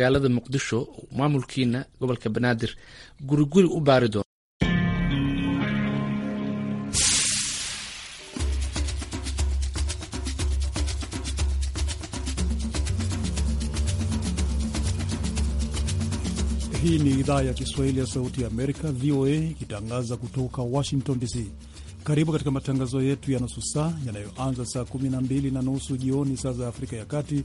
magaalada muqdisho maamulkiina gobolka banaadir guriguri u baari doona Hii ni idhaa ya Kiswahili ya Sauti ya Amerika, VOA, ikitangaza kutoka Washington DC. Karibu katika matangazo yetu ya nusu saa yanayoanza saa 12 na nusu jioni saa za Afrika ya Kati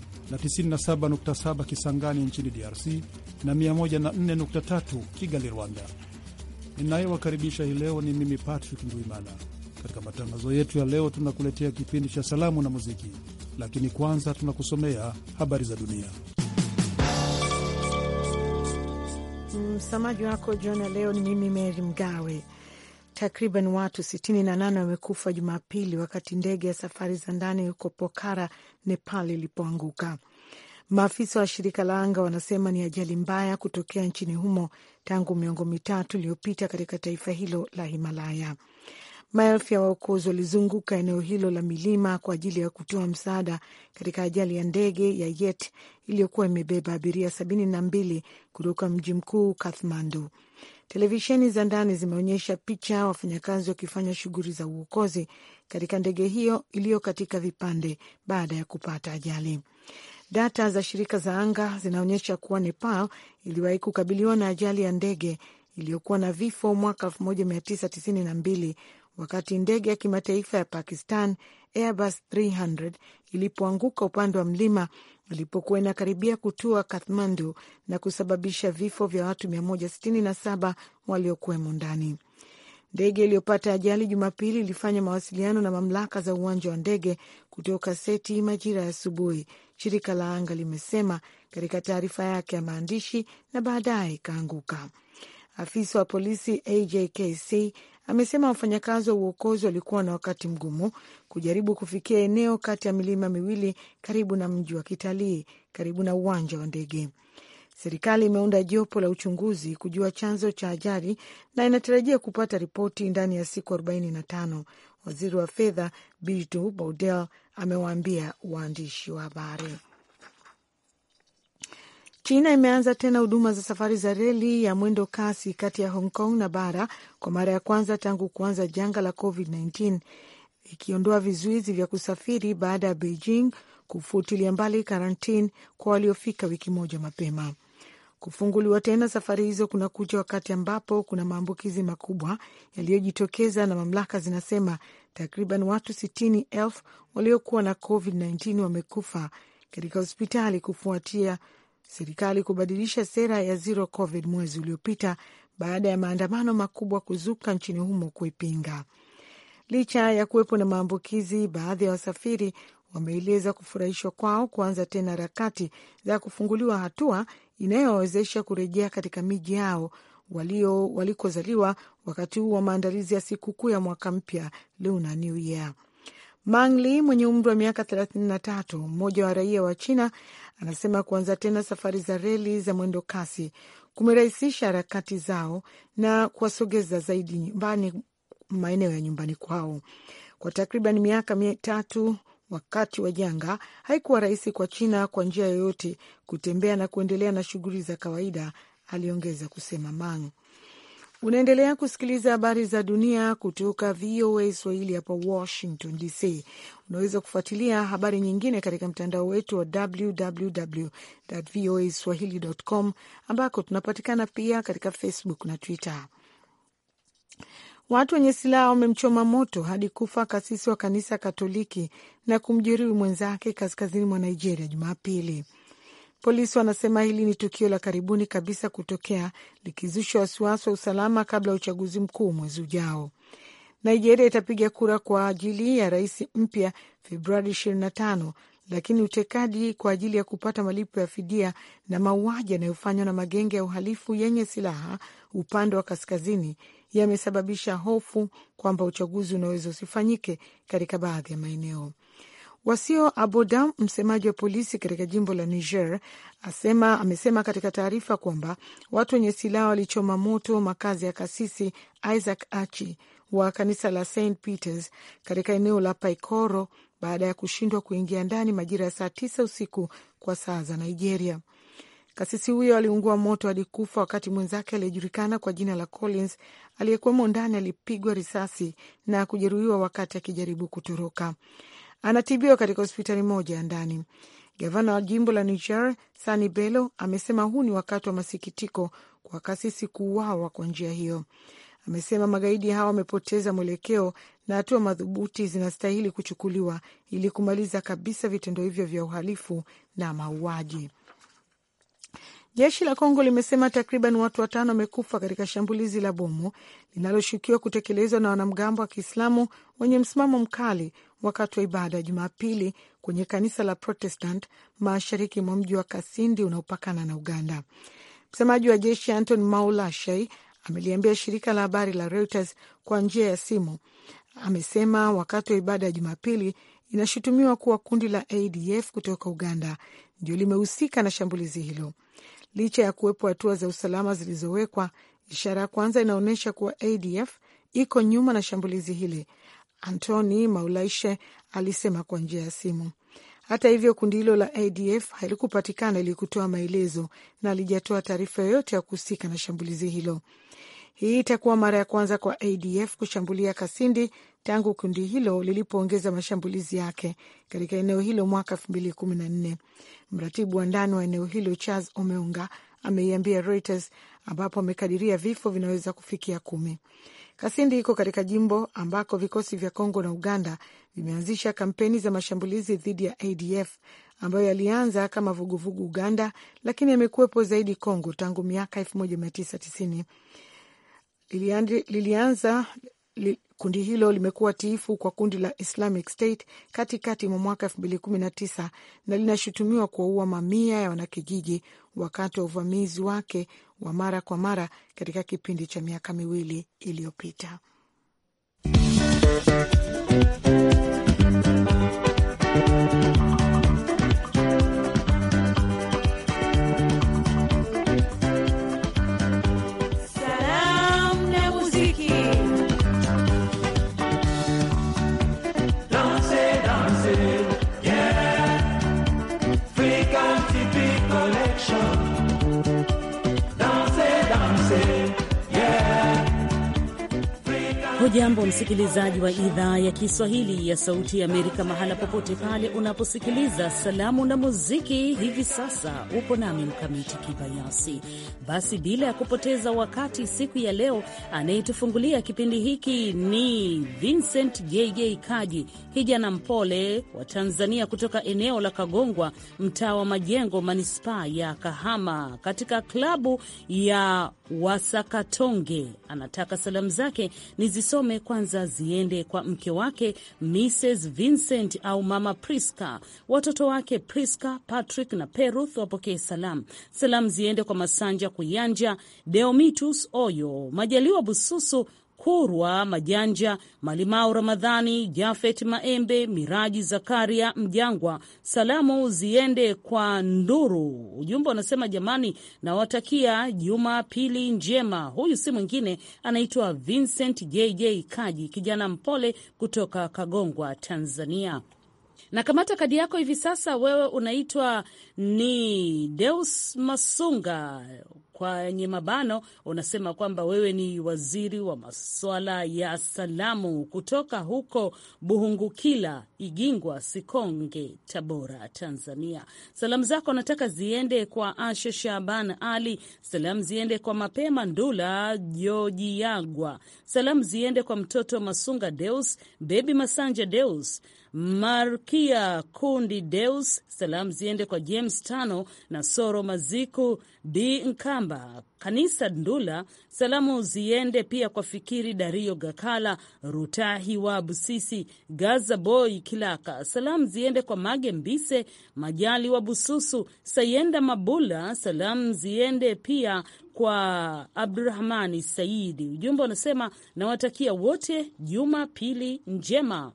na 97.7 Kisangani nchini DRC na 104.3 Kigali, Rwanda. Ninayewakaribisha hii leo ni mimi Patrick Ndwimana. Katika matangazo yetu ya leo, tunakuletea kipindi cha salamu na muziki, lakini kwanza tunakusomea habari za dunia. Msamaji wako ya leo ni mimi Meri Mgawe. Takriban watu 68 wamekufa Jumapili wakati ndege ya safari za ndani huko Pokhara, Nepal ilipoanguka. Maafisa wa shirika la anga wanasema ni ajali mbaya kutokea nchini humo tangu miongo mitatu iliyopita katika taifa hilo la Himalaya. Maelfu ya waokozi walizunguka eneo hilo la milima kwa ajili ya kutoa msaada katika ajali ya ndege ya yet iliyokuwa imebeba abiria sabini na mbili kutoka mji mkuu Kathmandu. Televisheni za ndani zimeonyesha picha wafanyakazi wakifanya shughuli za uokozi katika ndege hiyo iliyo katika vipande baada ya kupata ajali. Data za shirika za anga zinaonyesha kuwa Nepal iliwahi kukabiliwa na ajali ya ndege iliyokuwa na vifo mwaka 1992 wakati ndege ya kimataifa ya Pakistan Airbus 300 ilipoanguka upande wa mlima ilipokuwa inakaribia kutua Kathmandu na kusababisha vifo vya watu 167 waliokuwemo ndani. Ndege iliyopata ajali Jumapili ilifanya mawasiliano na mamlaka za uwanja wa ndege kutoka Seti majira ya asubuhi, shirika la anga limesema katika taarifa yake ya maandishi, na baadaye ikaanguka. Afisa wa polisi AJKC amesema wafanyakazi wa uokozi walikuwa na wakati mgumu kujaribu kufikia eneo kati ya milima miwili karibu na mji wa kitalii karibu na uwanja wa ndege. Serikali imeunda jopo la uchunguzi kujua chanzo cha ajali na inatarajia kupata ripoti ndani ya siku 45. Waziri wa fedha Bijtu Baudel amewaambia waandishi wa habari. China imeanza tena huduma za safari za reli ya mwendo kasi kati ya Hong Kong na bara kwa mara ya kwanza tangu kuanza janga la COVID-19, ikiondoa vizuizi vya kusafiri baada ya Beijing kufutilia mbali karantini kwa waliofika wiki moja mapema. Kufunguliwa tena safari hizo kunakuja wakati ambapo kuna maambukizi makubwa yaliyojitokeza, na mamlaka zinasema takriban watu sitini elfu waliokuwa na COVID-19 wamekufa katika hospitali kufuatia serikali kubadilisha sera ya zero covid mwezi uliopita baada ya maandamano makubwa kuzuka nchini humo kuipinga. Licha ya kuwepo na maambukizi, baadhi ya wasafiri wameeleza kufurahishwa kwao kuanza tena harakati za kufunguliwa, hatua inayowawezesha kurejea katika miji yao walio walikozaliwa wakati huu wa maandalizi ya sikukuu ya mwaka mpya Lunar New Year. Mangli mwenye umri wa miaka 33, mmoja wa raia wa China, anasema kuanza tena safari za reli za mwendo kasi kumerahisisha harakati zao na kuwasogeza zaidi nyumbani, maeneo ya nyumbani kwao. Kwa takriban miaka mitatu wakati wa janga, haikuwa rahisi kwa China kwa njia yoyote kutembea na kuendelea na shughuli za kawaida, aliongeza kusema Mang. Unaendelea kusikiliza habari za dunia kutoka VOA Swahili hapa Washington DC. Unaweza kufuatilia habari nyingine katika mtandao wetu wa www voa swahili.com, ambako tunapatikana pia katika Facebook na Twitter. Watu wenye silaha wamemchoma moto hadi kufa kasisi wa kanisa Katoliki na kumjeruhi mwenzake kaskazini mwa Nigeria Jumapili. Polisi wanasema hili ni tukio la karibuni kabisa kutokea likizusha wasiwasi wa usalama kabla ya uchaguzi mkuu mwezi ujao. Nigeria itapiga kura kwa ajili ya rais mpya Februari 25, lakini utekaji kwa ajili ya kupata malipo ya fidia na mauaji yanayofanywa na magenge ya uhalifu yenye silaha upande wa kaskazini yamesababisha hofu kwamba uchaguzi unaweza usifanyike katika baadhi ya maeneo. Wasio Aboda, msemaji wa polisi katika jimbo la Niger, asema amesema katika taarifa kwamba watu wenye silaha walichoma moto makazi ya kasisi Isaac Achi wa kanisa la St Peters katika eneo la Paikoro baada ya kushindwa kuingia ndani majira ya saa tisa usiku kwa saa za Nigeria. Kasisi huyo aliungua moto hadi kufa wakati mwenzake aliyejulikana kwa jina la Collins aliyekuwemo ndani alipigwa risasi na kujeruhiwa wakati akijaribu kutoroka anatibiwa katika hospitali moja ya ndani. Gavana wa jimbo la Niger Sani Bello amesema huu ni wakati wa masikitiko kwa kasisi kuuawa kwa njia hiyo. Amesema magaidi hawa wamepoteza mwelekeo na hatua madhubuti zinastahili kuchukuliwa ili kumaliza kabisa vitendo hivyo vya uhalifu na mauaji. Jeshi la Kongo limesema takriban watu watano wamekufa katika shambulizi la bomu linaloshukiwa kutekelezwa na wanamgambo wa Kiislamu wenye msimamo mkali wakati wa ibada ya Jumapili kwenye kanisa la Protestant mashariki mwa mji wa Kasindi unaopakana na Uganda. Msemaji wa jeshi Anton Maulashei ameliambia shirika la habari la Reuters kwa njia ya simu. Amesema wakati wa ibada ya Jumapili inashutumiwa kuwa kundi la ADF kutoka Uganda ndio limehusika na shambulizi hilo. Licha ya kuwepo hatua za usalama zilizowekwa, ishara ya kwanza inaonyesha kuwa ADF iko nyuma na shambulizi hili, Antoni Maulaishe alisema kwa njia ya simu. Hata hivyo kundi hilo la ADF halikupatikana ili kutoa maelezo na alijatoa taarifa yoyote ya kuhusika na shambulizi hilo. Hii itakuwa mara ya kwanza kwa ADF kushambulia Kasindi tangu kundi hilo lilipoongeza mashambulizi yake katika eneo hilo mwaka elfu mbili kumi na nne. Mratibu wa ndani wa eneo hilo Charles Omeunga ameiambia Reuters, ambapo amekadiria vifo vinaweza kufikia kumi. Kasindi iko katika jimbo ambako vikosi vya Kongo na Uganda vimeanzisha kampeni za mashambulizi dhidi ya ADF ambayo yalianza kama vuguvugu vugu Uganda, lakini yamekuwepo zaidi Kongo tangu miaka 1990 lilianza Kundi hilo limekuwa tiifu kwa kundi la Islamic State katikati mwa mwaka 2019 na linashutumiwa kuwaua mamia ya wanakijiji wakati wa uvamizi wake wa mara kwa mara katika kipindi cha miaka miwili iliyopita. Hujambo msikilizaji wa idhaa ya Kiswahili ya Sauti ya Amerika, mahala popote pale unaposikiliza salamu na muziki. Hivi sasa upo nami Mkamiti Kibayasi. Basi bila ya kupoteza wakati, siku ya leo anayetufungulia kipindi hiki ni Vincent JJ Kaji, kijana mpole wa Tanzania kutoka eneo la Kagongwa, mtaa wa Majengo, manispaa ya Kahama, katika klabu ya Wasakatonge. Anataka salamu zake niziso Salome kwanza ziende kwa mke wake Mrs Vincent au mama Priska. Watoto wake Priska, Patrick na Peruth wapokee salamu. Salamu ziende kwa Masanja Kuyanja, Deomitus Oyo, Majaliwa Bususu Kurwa Majanja, Malimao Ramadhani, Jafet Maembe, Miraji Zakaria Mjangwa. Salamu ziende kwa Nduru. Ujumbe unasema jamani, nawatakia Jumapili njema. Huyu si mwingine anaitwa Vincent JJ Kaji, kijana mpole kutoka Kagongwa, Tanzania. Na kamata kadi yako hivi sasa. Wewe unaitwa ni Deus Masunga kwenye mabano unasema kwamba wewe ni waziri wa masuala ya salamu kutoka huko Buhungukila, Igingwa, Sikonge, Tabora, Tanzania. Salamu zako nataka ziende kwa Asha Shaban Ali, salamu ziende kwa Mapema Ndula Joji Yagwa, salamu ziende kwa mtoto Masunga Deus, Bebi Masanja Deus Markia Kundi Deus. Salamu ziende kwa James Tano na Soro Maziku B Nkamba Kanisa Ndula. Salamu ziende pia kwa Fikiri Dario Gakala Rutahi wa Busisi Gaza Boy Kilaka. Salamu ziende kwa Mage Mbise Majali wa Bususu Sayenda Mabula. Salamu ziende pia kwa Abdurahmani Saidi. Ujumbe unasema nawatakia wote Jumapili njema.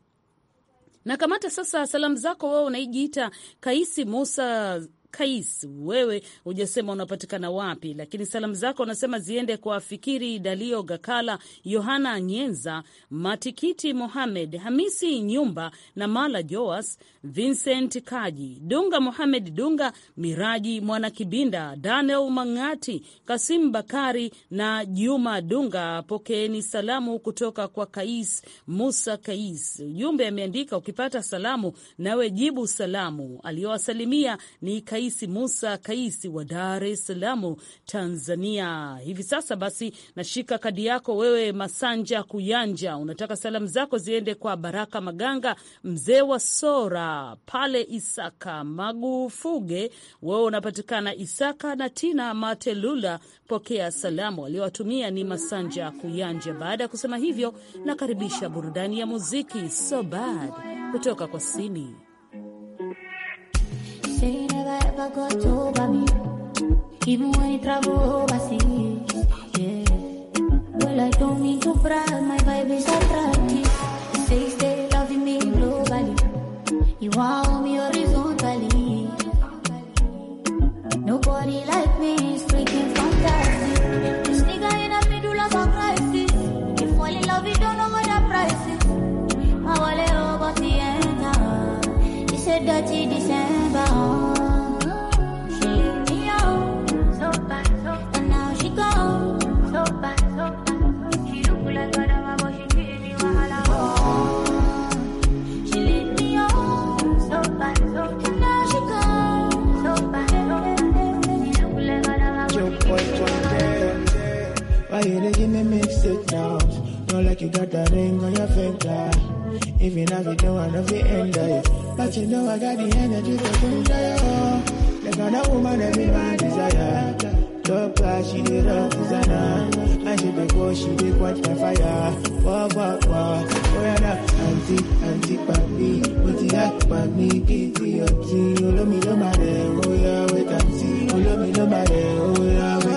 Na kamata sasa salamu zako, wewe unaijiita Kaisi Musa Kais, wewe hujasema unapatikana wapi, lakini salamu zako unasema ziende kwa Fikiri Dalio Gakala, Yohana Nyenza, Matikiti Mohamed, Hamisi Nyumba na Mala Joas, Vincent Kaji, Dunga Mohamed Dunga, Miraji Mwana Kibinda, Daniel Mangati, Kasim Bakari na Juma Dunga. Pokeeni salamu kutoka kwa Kais Musa Kais. Ujumbe ameandika ukipata salamu nawe jibu salamu. Aliyowasalimia ni Kais Rais Musa Kaisi wa Dar es Salaam, Tanzania. Hivi sasa basi, nashika kadi yako wewe, Masanja Kuyanja, unataka salamu zako ziende kwa Baraka Maganga, mzee wa Sora pale Isaka, Magufuge, wewe unapatikana Isaka, na Tina Matelula, pokea salamu. aliowatumia ni Masanja Kuyanja. Baada ya kusema hivyo, nakaribisha burudani ya muziki So Bad kutoka kwa Sini. never got over me, even when you travel overseas. Yeah. Well, I don't mean to brag, my vibe is attractive. It says stay loving me globally. You are Why you they give me mixed signals? Know like you got that ring on your finger. Even if you don't wanna be end it. But you know I got the energy to do that. Like I'm a woman that be my desire. Top class, she did love designer. And she be go, she be quench my fire. Wah, wah, wah. Oh, yeah, nah. Auntie, auntie, papi. What the heck, mommy? Kitty, up, see. Oh, let me know my name. Oh, yeah, wait and see. Oh, let me know my name. Oh, yeah, wait.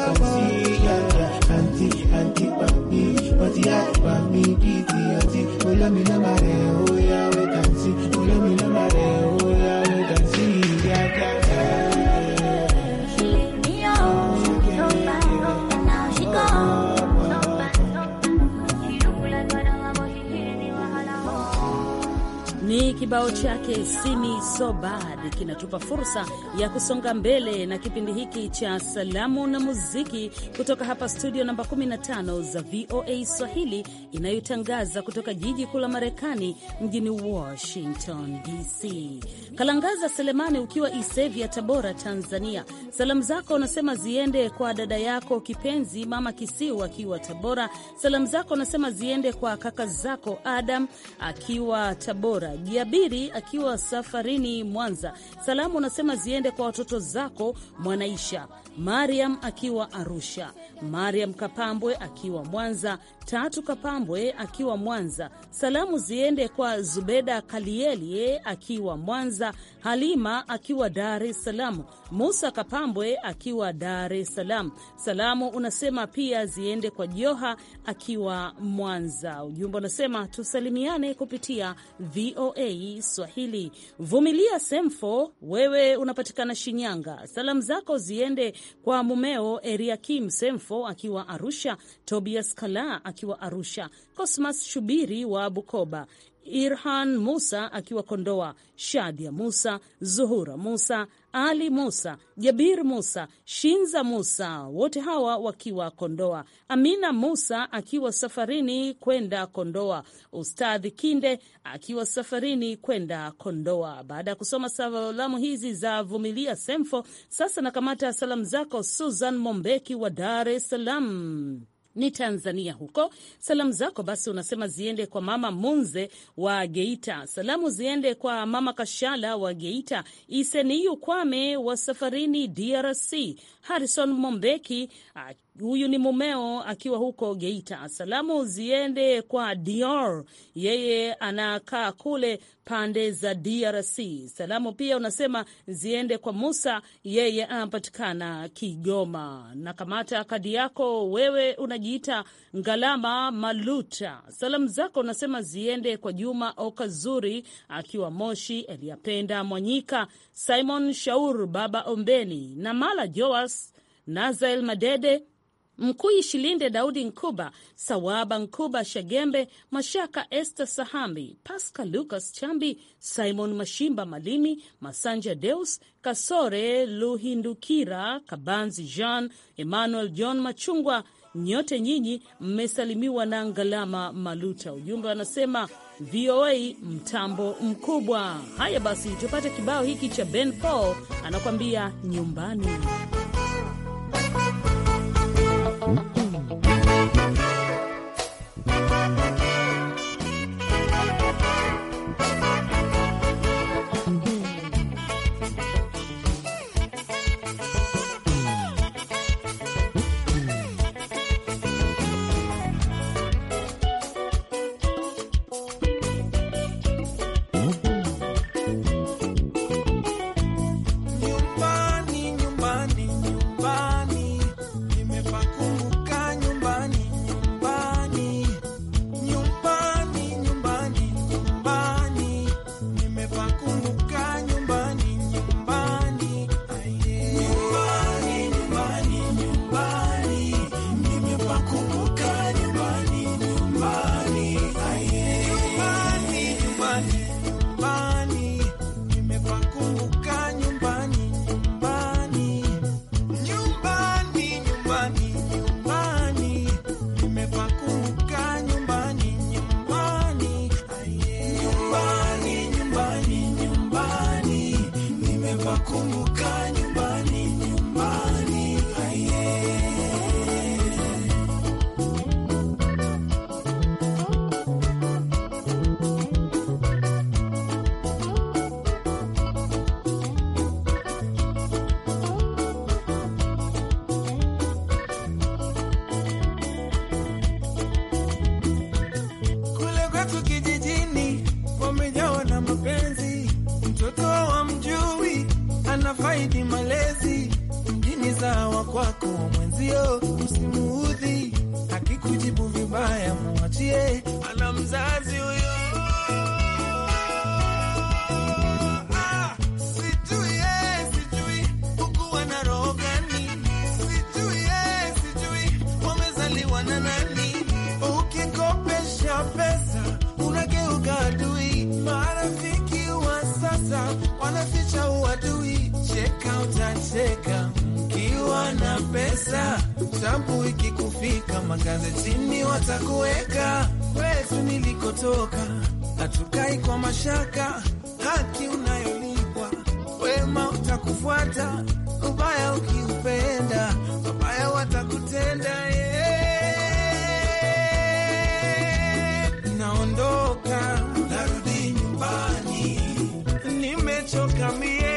Olamina mareo, yawe kansi, olamina mareo Kibao chake simi so bad kinatupa fursa ya kusonga mbele na kipindi hiki cha salamu na muziki kutoka hapa studio namba 15 za VOA Swahili inayotangaza kutoka jiji kuu la Marekani mjini Washington DC. Kalangaza Selemani, ukiwa Isevya, Tabora, Tanzania, salamu zako unasema ziende kwa dada yako kipenzi mama Kisiu akiwa Tabora. Salamu zako unasema ziende kwa kaka zako Adam akiwa Tabora, Jabi Kadiri akiwa safarini Mwanza. Salamu unasema ziende kwa watoto zako Mwanaisha Mariam akiwa Arusha, Mariam Kapambwe akiwa Mwanza, Tatu Kapambwe akiwa Mwanza. Salamu ziende kwa Zubeda Kalielie akiwa Mwanza, Halima akiwa Dar es Salaam, Musa Kapambwe akiwa Dar es Salaam. Salamu unasema pia ziende kwa Joha akiwa Mwanza. Ujumbe unasema tusalimiane kupitia VOA Swahili. Vumilia Semfo, wewe unapatikana Shinyanga. Salamu zako ziende kwa mumeo Eriakim Semfo akiwa Arusha, Tobias Kala akiwa Arusha, Cosmas Shubiri wa Bukoba, Irhan Musa akiwa Kondoa, Shadia Musa, Zuhura Musa, Ali Musa, Jabir Musa, Shinza Musa, wote hawa wakiwa Kondoa, Amina Musa akiwa safarini kwenda Kondoa, Ustadhi Kinde akiwa safarini kwenda Kondoa. Baada ya kusoma salamu hizi za Vumilia Semfo, sasa nakamata salamu zako Susan Mombeki wa Dar es Salaam ni Tanzania huko. Salamu zako basi unasema ziende kwa mama Munze wa Geita, salamu ziende kwa mama Kashala wa Geita, Iseniyu Kwame wa safarini DRC, Harrison Mombeki huyu ni mumeo akiwa huko Geita. Salamu ziende kwa Dior, yeye anakaa kule pande za DRC. Salamu pia unasema ziende kwa Musa, yeye anapatikana Kigoma. Na kamata kadi yako wewe, unajiita Ngalama Maluta. Salamu zako unasema ziende kwa Juma Okazuri akiwa Moshi, Eliapenda Mwanyika, Simon Shaur, Baba Ombeni na Mala Joas, Nazael Madede Mkuyi Shilinde, Daudi Nkuba, Sawaba Nkuba, Shagembe Mashaka, Esther Sahambi, Pascal Lucas Chambi, Simon Mashimba Malimi, Masanja Deus Kasore, Luhindukira Kabanzi, Jean Emmanuel, John Machungwa, nyote nyinyi mmesalimiwa na Ngalama Maluta. Ujumbe wanasema VOA mtambo mkubwa. Haya basi, tupate kibao hiki cha Ben Paul anakuambia nyumbani. Hmm? find you. umeficha uadui, cheka utacheka. Ukiwa na pesa tabu ikikufika, magazetini watakuweka. Kwetu nilikotoka hatukai kwa mashaka, haki unayolipwa wema utakufuata. a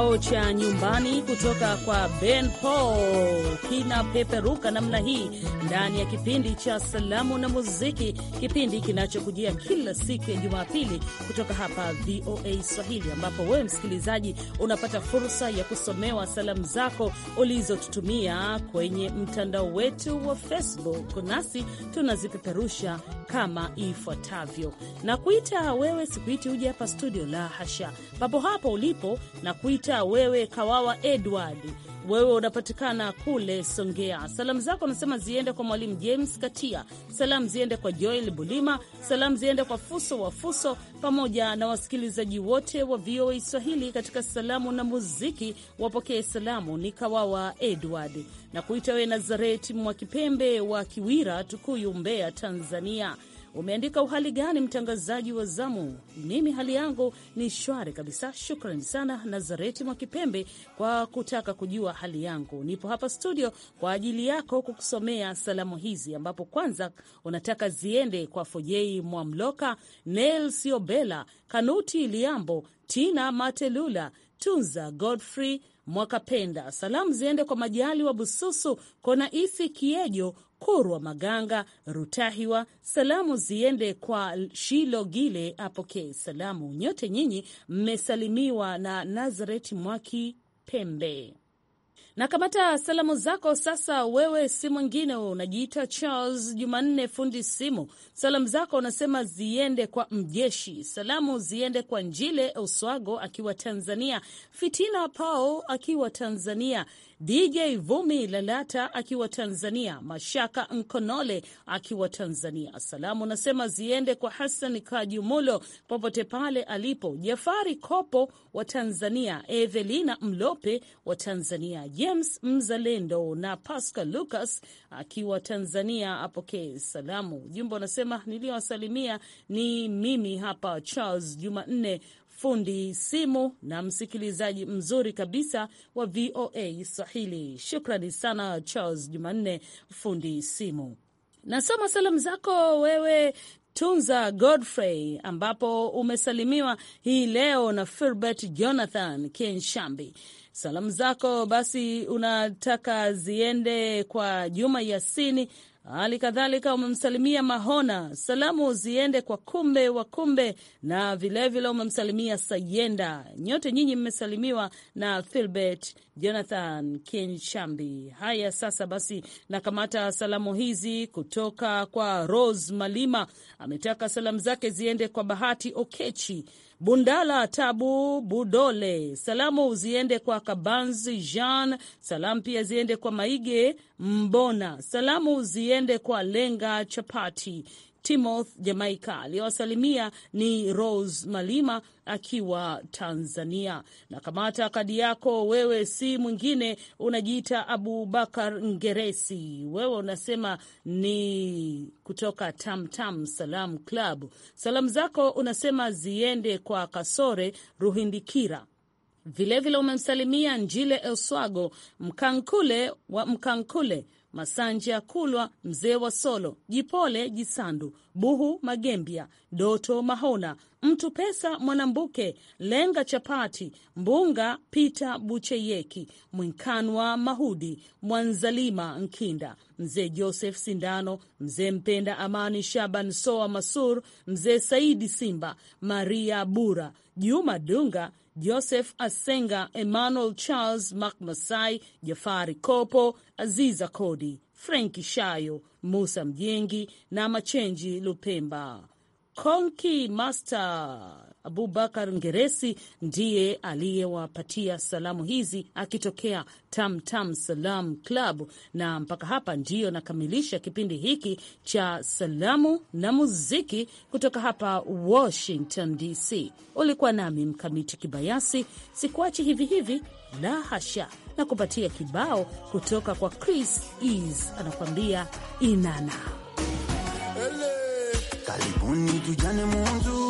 kibao cha nyumbani kutoka kwa Ben Paul kinapeperuka namna hii ndani ya kipindi cha Salamu na Muziki, kipindi kinachokujia kila siku ya Jumapili kutoka hapa VOA Swahili, ambapo wewe msikilizaji unapata fursa ya kusomewa salamu zako ulizotutumia kwenye mtandao wetu wa Facebook, nasi tunazipeperusha kama ifuatavyo. Na kuita wewe, sikuiti uje hapa studio, la hasha, papo hapo ulipo na kuita wewe Kawawa Edward wewe unapatikana kule Songea. Salamu zako unasema ziende kwa Mwalimu James Katia, salamu ziende kwa Joel Bulima, salamu ziende kwa Fuso wa Fuso pamoja na wasikilizaji wote wa VOA Swahili katika salamu na muziki. Wapokee salamu ni Kawawa Edward na kuita we Nazareti Mwakipembe wa Kiwira, Tukuyu, Mbeya, Tanzania Umeandika uhali gani, mtangazaji wa zamu? Mimi hali yangu ni shwari kabisa, shukrani sana Nazareti Mwakipembe kwa kutaka kujua hali yangu. Nipo hapa studio kwa ajili yako kukusomea salamu hizi, ambapo kwanza unataka ziende kwa Fojei Mwamloka, Nel Siobela, Kanuti Liambo, Tina Matelula, Tunza Godfrey Mwakapenda. Salamu ziende kwa Majali wa Bususu, Kona Ifi Kiejo, Kurwa Maganga, Rutahiwa. Salamu ziende kwa Shilo Gile, apokee salamu. Nyote nyinyi mmesalimiwa na Nazareti Mwaki Pembe. Na kamata salamu zako sasa. Wewe si mwingine, unajiita Charles Jumanne fundi simu. Salamu zako unasema ziende kwa Mjeshi, salamu ziende kwa Njile Uswago akiwa Tanzania, Fitina Pao akiwa Tanzania, DJ Vumi Lalata akiwa Tanzania, Mashaka Nkonole akiwa Tanzania. Salamu nasema ziende kwa Hassan Kajumulo popote pale alipo, Jafari Kopo wa Tanzania, Evelina Mlope wa Tanzania, James Mzalendo na Pascal Lucas akiwa Tanzania apokee salamu. Jumbe anasema niliyowasalimia ni mimi hapa Charles Jumanne fundi simu na msikilizaji mzuri kabisa wa VOA Swahili. Shukrani sana Charles Jumanne, fundi simu. Nasoma salamu zako wewe Tunza Godfrey ambapo umesalimiwa hii leo na Filbert Jonathan Kenshambi. Salamu zako basi unataka ziende kwa Juma Yasini Hali kadhalika umemsalimia Mahona, salamu ziende kwa Kumbe wa Kumbe na vilevile umemsalimia Sayenda. Nyote nyinyi mmesalimiwa na Filbert Jonathan Kinshambi. Haya, sasa basi, nakamata salamu hizi kutoka kwa Rose Malima, ametaka salamu zake ziende kwa Bahati Okechi Bundala Tabu Budole, salamu ziende kwa Kabanzi Jean, salamu pia ziende kwa Maige Mbona. Salamu ziende kwa Lenga Chapati Timoth Jamaika aliyowasalimia ni Rose Malima akiwa Tanzania. Na kamata kadi yako wewe, si mwingine unajiita Abubakar Ngeresi. Wewe unasema ni kutoka Tamtam Salam Club. Salamu zako unasema ziende kwa Kasore Ruhindikira Vilevile umemsalimia Njile Elswago Mkankule wa Mkankule, Masanja Kulwa, mzee wa Solo, Jipole Jisandu, Buhu Magembia, Doto Mahona, Mtu Pesa, Mwanambuke Lenga, Chapati Mbunga, Pita Bucheyeki, Mwinkanwa Mahudi, Mwanzalima Nkinda, mzee Joseph Sindano, mzee Mpenda Amani Shaban Soa Masur, mzee Saidi Simba, Maria Bura, Juma Dunga, Joseph Asenga, Emmanuel Charles, Mak Masai, Jafari Kopo, Aziza Kodi, Frenki Shayo, Musa Mjengi na Machenji Lupemba. Konki Master Abubakar Ngeresi ndiye aliyewapatia salamu hizi akitokea Tamtam Tam Salam Club. Na mpaka hapa ndiyo nakamilisha kipindi hiki cha salamu na muziki kutoka hapa Washington DC. Ulikuwa nami Mkamiti Kibayasi. Sikuachi hivi hivi, la hasha, na kupatia kibao kutoka kwa Chris Ease anakuambia Inana. Karibuni tujane mwanzo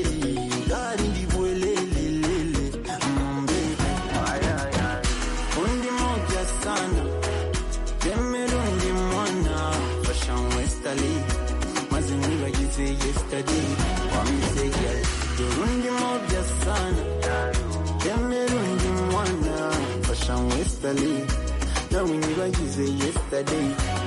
Now we never use it yesterday.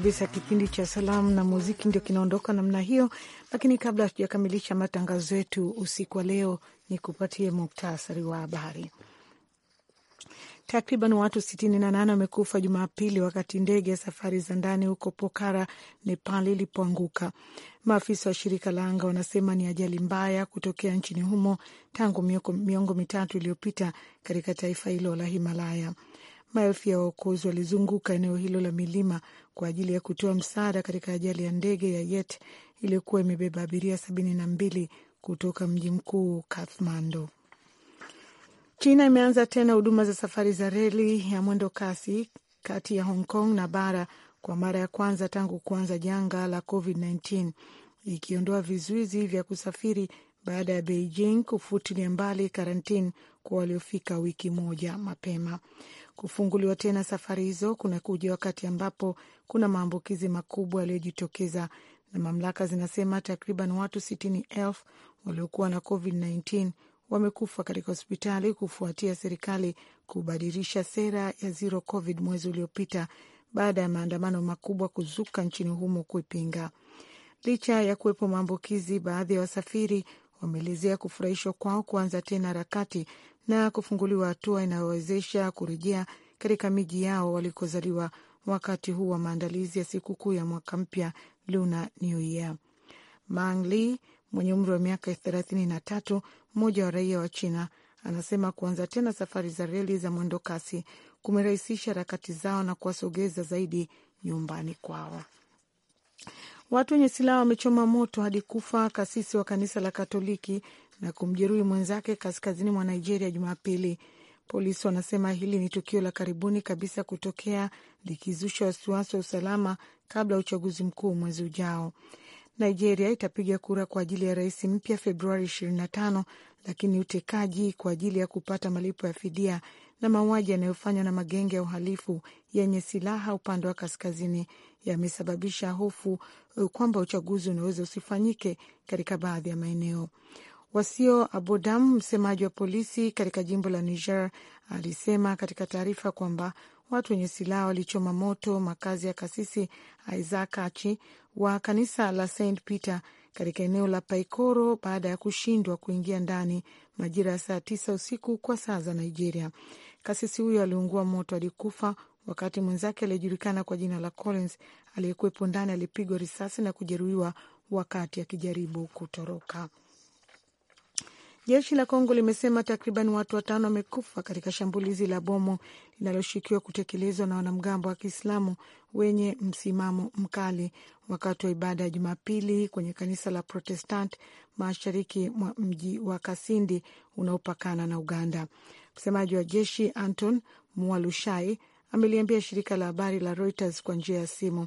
kabisa. Kipindi cha salamu na muziki ndio kinaondoka namna hiyo, lakini kabla hatujakamilisha matangazo yetu usiku wa leo, ni kupatie muktasari wa habari. Takriban watu 68 wamekufa Jumapili wakati ndege ya safari za ndani huko Pokhara, Nepal ilipoanguka. Maafisa wa shirika la anga wanasema ni ajali mbaya kutokea nchini humo tangu miongo mitatu iliyopita katika taifa hilo la Himalaya. Maelfu ya waokozi walizunguka eneo hilo la milima kwa ajili ya kutoa msaada katika ajali ya ndege ya yet iliyokuwa imebeba abiria sabini na mbili kutoka mji mkuu Kathmandu. China imeanza tena huduma za safari za reli ya mwendo kasi kati ya Hong Kong na bara kwa mara ya kwanza tangu kuanza janga la COVID-19, ikiondoa vizuizi vya kusafiri baada ya Beijing kufutilia mbali karantini kwa waliofika wiki moja mapema. Kufunguliwa tena safari hizo kunakuja wakati ambapo kuna maambukizi makubwa yaliyojitokeza, na mamlaka zinasema takriban watu sitini elfu waliokuwa na COVID-19 wamekufa katika hospitali kufuatia serikali kubadilisha sera ya zero covid mwezi uliopita baada ya maandamano makubwa kuzuka nchini humo kuipinga. Licha ya kuwepo maambukizi, baadhi ya wasafiri wameelezea kufurahishwa kwao kuanza tena harakati na kufunguliwa hatua inayowezesha kurejea katika miji yao walikozaliwa wakati huu wa maandalizi ya sikukuu ya mwaka mpya Lunar New Year. Mang Li mwenye umri wa miaka thelathini na tatu, mmoja wa raia wa China, anasema kuanza tena safari za reli za mwendo kasi kumerahisisha harakati zao na kuwasogeza zaidi nyumbani kwao. Watu wenye silaha wamechoma moto hadi kufa kasisi wa kanisa la Katoliki na kumjeruhi mwenzake kaskazini mwa Nigeria Jumapili. Polisi wanasema hili ni tukio la karibuni kabisa kutokea likizusha wasiwasi wa usalama kabla ya uchaguzi mkuu mwezi ujao. Nigeria itapiga kura kwa ajili ya rais mpya Februari 25, lakini utekaji kwa ajili ya kupata malipo ya fidia na mauaji yanayofanywa na magenge ya uhalifu yenye silaha upande wa kaskazini yamesababisha hofu uh, kwamba uchaguzi unaweza usifanyike katika baadhi ya maeneo. Wasio Abodam, msemaji wa polisi katika jimbo la Niger, alisema katika taarifa kwamba watu wenye silaha walichoma moto makazi ya kasisi Isaac Achi wa kanisa la St Peter katika eneo la Paikoro baada ya kushindwa kuingia ndani majira ya saa tisa usiku kwa saa za Nigeria. Kasisi huyo aliungua moto, alikufa wakati mwenzake aliyejulikana kwa jina la Collins aliyekuwepo ndani alipigwa risasi na kujeruhiwa wakati akijaribu kutoroka. Jeshi la Kongo limesema takriban watu watano wamekufa katika shambulizi la bomu linaloshukiwa kutekelezwa na wanamgambo wa Kiislamu wenye msimamo mkali wakati wa ibada ya Jumapili kwenye kanisa la Protestant mashariki mwa mji wa Kasindi unaopakana na Uganda. Msemaji wa jeshi Anton Mwalushai ameliambia shirika la habari la Reuters kwa njia ya simu.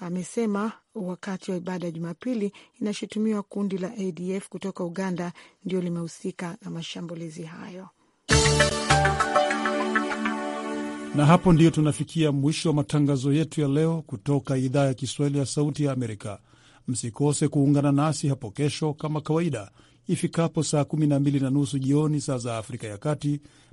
Amesema wakati wa ibada ya Jumapili inashutumiwa kundi la ADF kutoka Uganda ndio limehusika na mashambulizi hayo. Na hapo ndiyo tunafikia mwisho wa matangazo yetu ya leo kutoka idhaa ya Kiswahili ya Sauti ya Amerika. Msikose kuungana nasi hapo kesho kama kawaida ifikapo saa 12 na nusu jioni saa za Afrika ya Kati